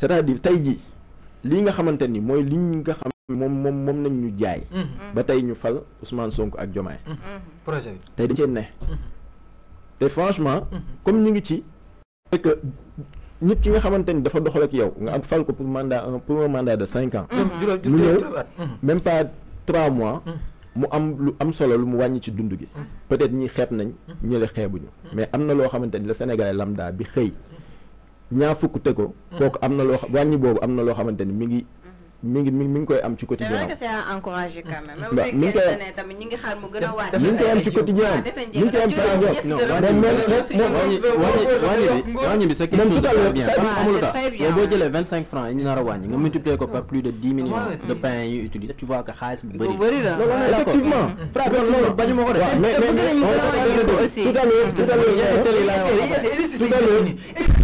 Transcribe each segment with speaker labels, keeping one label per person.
Speaker 1: c'est-à-dire tey ji lii nga xamante ni mooy li nga xam moom moom moom nañ ñu jaay. Mm-hmm. Mm-hmm. ba tey ñu fal Ousmane Sonko ak Diomaye. Mm-hmm. te bi dañ cee ne. te franchement. comme ñu ngi ci. c'est que nit ki nga xamante ni dafa doxal ak yow nga am fal ko pour mandat un pour un mandat de cinq ans. mu ñëw même trois mois. mu am lu am solo lu mu wàññi ci dund gi. peut-être ñi xeet nañ. ñële xeebuñu. mais am na loo xamante ni la Sénégalais lambda bi xëy. ñaar fukk te kooku am na loo xam wàññi boobu am na loo xamante ni mi ngi. mi ngi mi ngi koy am ci quotidien am. c'est vrai que c'est encouragé quand même. mi ngi koy am mi ngi koy am ci quotidien mi ngi koy am ci quotidien am. wàññi wàññi bi c'est quelque chose de bien amul tax boo boo jëlee vingt cinq francs yi ñu nar a wàññi nga multiplier ko par plus de dix millions de pain yu utilisé tu vois que xaalis bu bëri. bu effectivement. Fra kon loolu bañu ma ko def. mais mais mais on va pas le dire aussi. tout à l'heure tout à l'heure tout à l'heure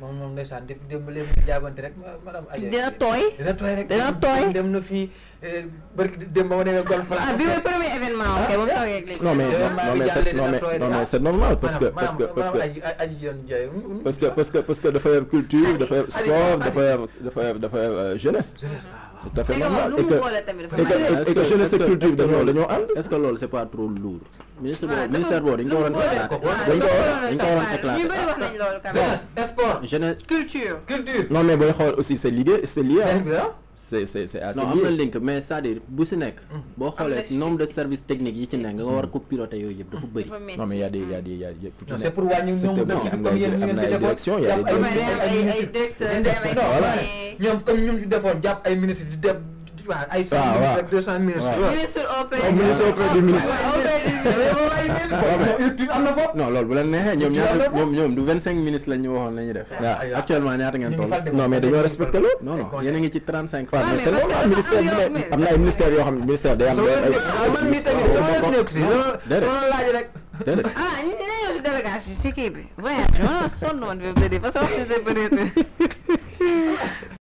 Speaker 1: moom moom ndeysaan def démb lépp di jaabante rek madame Adja dina tooy dina tooy rek dina tooy dem na fii eh, bërki ba ma demee golf la tooy rek léegi non normal mm, mm. parce que parce que parce que aji que parce que parce que dafa yor culture dafa yor sport euh, jeunesse tout à fait normal et que et que jeunesse c'est pas trop lourd. ministre boobu ministère boobu dañ ko waroon éclater dañ ko dañ ko xool aussi c'est lié c'est lié c'est c'est c'est am na link mais cest à bu si nekk boo xoolee nombre de services techniques yi ci nekk nga war ko piloter yooyu yëpp dafa bëri non mais y a des y a des y a c'est pour wàññi ñoom comme yéen ñu ngeen fi defoon jàpp ay ay directeurs di def waaw ay cinq minutes ak deux cent minutes. ministre au premier ministre au premier ministre. am na foofu. non loolu bu leen neexee ñoom ñaar ñoom ñoom du vingt cinq minutes lañ ñu waxoon la ñuy def. waaw actuellement ñaata ngeen toll. non mais dañoo respecté loolu. non non yéen a ngi ci trente cinq. waaw mais parce que ministère bi ne am na ay ministère yoo xam ne ministère day am. man mii tamit sama yoon nekk si déedéet loolu laaj rek. déedéet ah ñu ne ñëw si délégation si kii bi voyage wala sonn man bi mu tëddee parce que wax dëgg peut-être